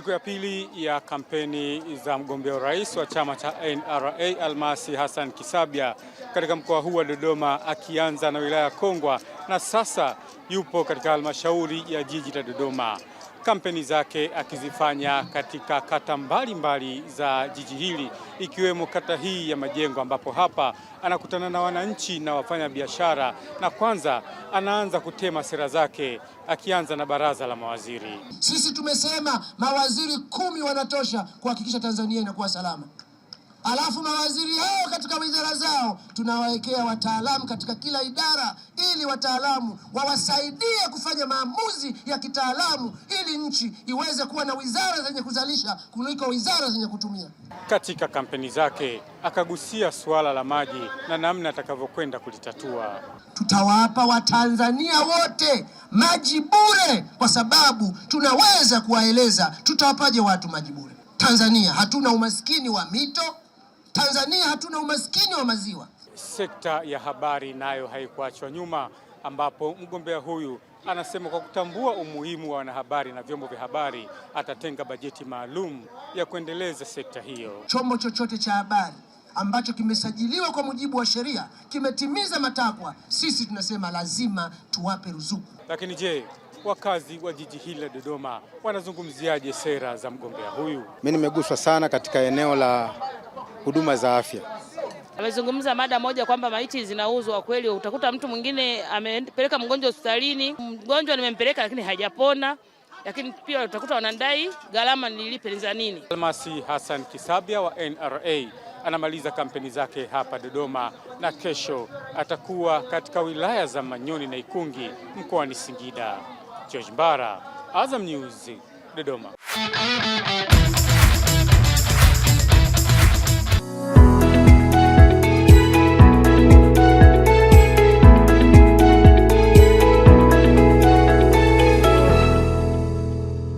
Siku ya pili ya kampeni za mgombea urais wa chama cha NRA Almasi Hassan Kisabya katika mkoa huu wa Dodoma, akianza na wilaya ya Kongwa na sasa yupo katika halmashauri ya jiji la Dodoma, kampeni zake akizifanya katika kata mbalimbali mbali za jiji hili ikiwemo kata hii ya Majengo, ambapo hapa anakutana na wananchi na wafanya biashara na kwanza anaanza kutema sera zake akianza na baraza la mawaziri. Sisi tumesema mawaziri kumi wanatosha kuhakikisha Tanzania inakuwa salama. Alafu mawaziri hao katika wizara zao tunawawekea wataalamu katika kila idara, ili wataalamu wawasaidie kufanya maamuzi ya kitaalamu, ili nchi iweze kuwa na wizara zenye kuzalisha kuliko wizara zenye kutumia. Katika kampeni zake akagusia suala la maji na namna atakavyokwenda kulitatua. Tutawapa Watanzania wote maji bure, kwa sababu tunaweza kuwaeleza tutawapaje watu maji bure. Tanzania hatuna umaskini wa mito. Tanzania hatuna umaskini wa maziwa. Sekta ya habari nayo haikuachwa nyuma, ambapo mgombea huyu anasema kwa kutambua umuhimu wa wanahabari na vyombo vya habari atatenga bajeti maalum ya kuendeleza sekta hiyo. Chombo chochote cha habari ambacho kimesajiliwa kwa mujibu wa sheria kimetimiza matakwa, sisi tunasema lazima tuwape ruzuku. Lakini je, wakazi wa jiji hili la Dodoma wanazungumziaje sera za mgombea huyu? Mimi nimeguswa sana katika eneo la huduma za afya. Amezungumza mada moja kwamba maiti zinauzwa kweli. Utakuta mtu mwingine amepeleka mgonjwa hospitalini, mgonjwa nimempeleka lakini hajapona, lakini pia utakuta wanandai gharama nilipe za nini. Almasi Hassan Kisabia wa NRA anamaliza kampeni zake hapa Dodoma na kesho atakuwa katika wilaya za Manyoni na Ikungi mkoani Singida. George Mbara, Azam News, Dodoma.